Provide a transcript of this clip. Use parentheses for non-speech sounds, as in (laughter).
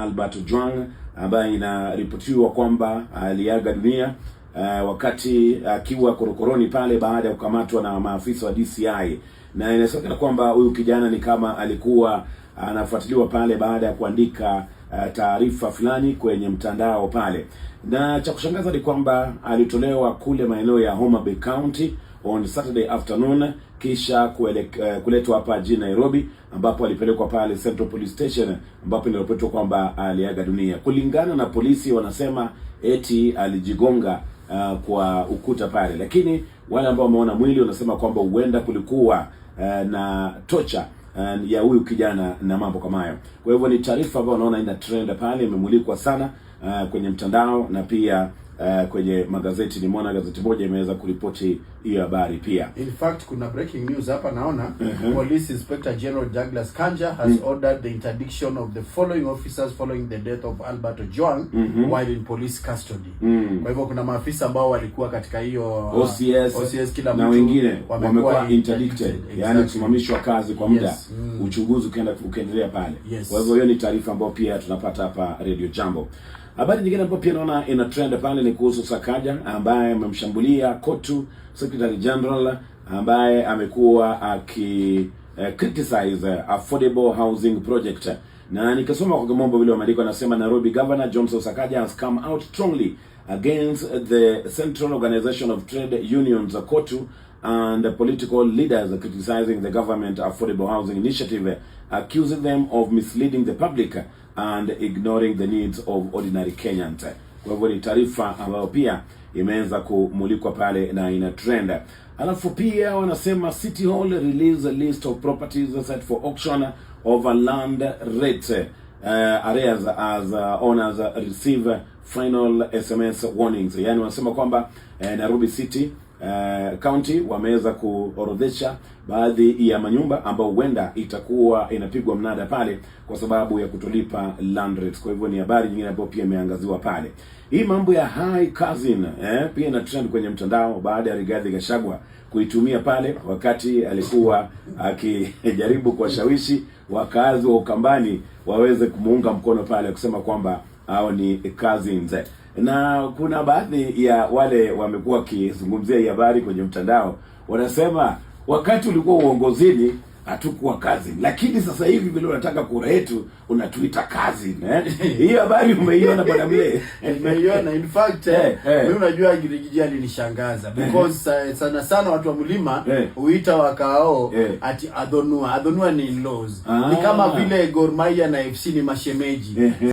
Albert Ojwang ambaye inaripotiwa kwamba aliaga dunia uh, wakati akiwa uh, korokoroni pale baada ya kukamatwa na maafisa wa DCI, na inasemekana kwamba huyu kijana ni kama alikuwa anafuatiliwa pale baada ya kuandika uh, taarifa fulani kwenye mtandao pale, na cha kushangaza ni kwamba alitolewa kule maeneo ya Homa Bay County on Saturday afternoon, kisha eh, kuletwa hapa jijini Nairobi, ambapo alipelekwa pale Central Police Station, ambapo inaripotiwa kwamba aliaga dunia. Kulingana na polisi, wanasema eti alijigonga uh, kwa ukuta pale, lakini wale ambao wameona mwili wanasema kwamba huenda kulikuwa uh, na tocha uh, ya huyu kijana na mambo kama hayo. Kwa hivyo ni taarifa ambayo unaona ina trend pale, imemulikwa sana uh, kwenye mtandao na pia uh, kwenye magazeti. Nimeona gazeti moja imeweza kuripoti hiyo habari pia. In fact kuna breaking news hapa naona uh -huh. Police Inspector General Douglas Kanja has mm. -huh. ordered the interdiction of the following officers following the death of Albert Ojwang mm -hmm. while in police custody Mm. -huh. Kwa hivyo kuna maafisa ambao walikuwa katika hiyo uh, OCS, OCS kila na wengine wamekuwa interdicted, yaani exactly. Yaani kusimamishwa kazi kwa muda yes. mm. Uchunguzi ukienda ukiendelea pale yes. Kwa hivyo hiyo ni taarifa ambayo pia tunapata hapa Radio Jambo. Habari nyingine ambayo pia naona ina trend pale ni kuhusu Sakaja ambaye amemshambulia Kotu Secretary General ambaye amekuwa aki uh, criticize eh, affordable housing project na nikasoma kwa kimombo vile wameandika, anasema Nairobi Governor Johnson Sakaja has come out strongly against the Central Organization of Trade Unions Kotu and political leaders criticizing the government affordable housing initiative, accusing them of misleading the public and ignoring the needs of ordinary Kenyans. Kwa hivyo ni taarifa ambayo pia imeanza kumulikwa pale na ina trend. Alafu pia wanasema City Hall release a list of properties set for auction over land rate uh, areas as uh, owners receive final SMS warnings, yaani wanasema kwamba eh, Nairobi City eh, County wameweza kuorodhesha baadhi ya manyumba ambayo huenda itakuwa inapigwa mnada pale kwa sababu ya kutolipa land rates. Kwa hivyo ni habari nyingine ambayo pia imeangaziwa pale. Hii mambo ya high cousin eh, pia ina trend kwenye mtandao baada ya Rigathi Gachagua kuitumia pale wakati alikuwa akijaribu kuwashawishi wakazi wa Ukambani waweze kumuunga mkono pale kusema kwamba hao ni cousins, na kuna baadhi ya wale wamekuwa wakizungumzia hii habari kwenye mtandao, wanasema wakati ulikuwa uongozini hatukuwa kazi, lakini sasa hivi vile unataka kura yetu unatuita kazi. (laughs) Hiyo habari umeiona bwana Mle? Nimeiona in fact eh, eh. eh. Mimi unajua Giligidi alinishangaza eh. because eh. sana sana watu wa mlima eh. wakao eh. ati adhonua adhonua ni laws ah. ni kama vile Gor Mahia na FC ni mashemeji eh. eh.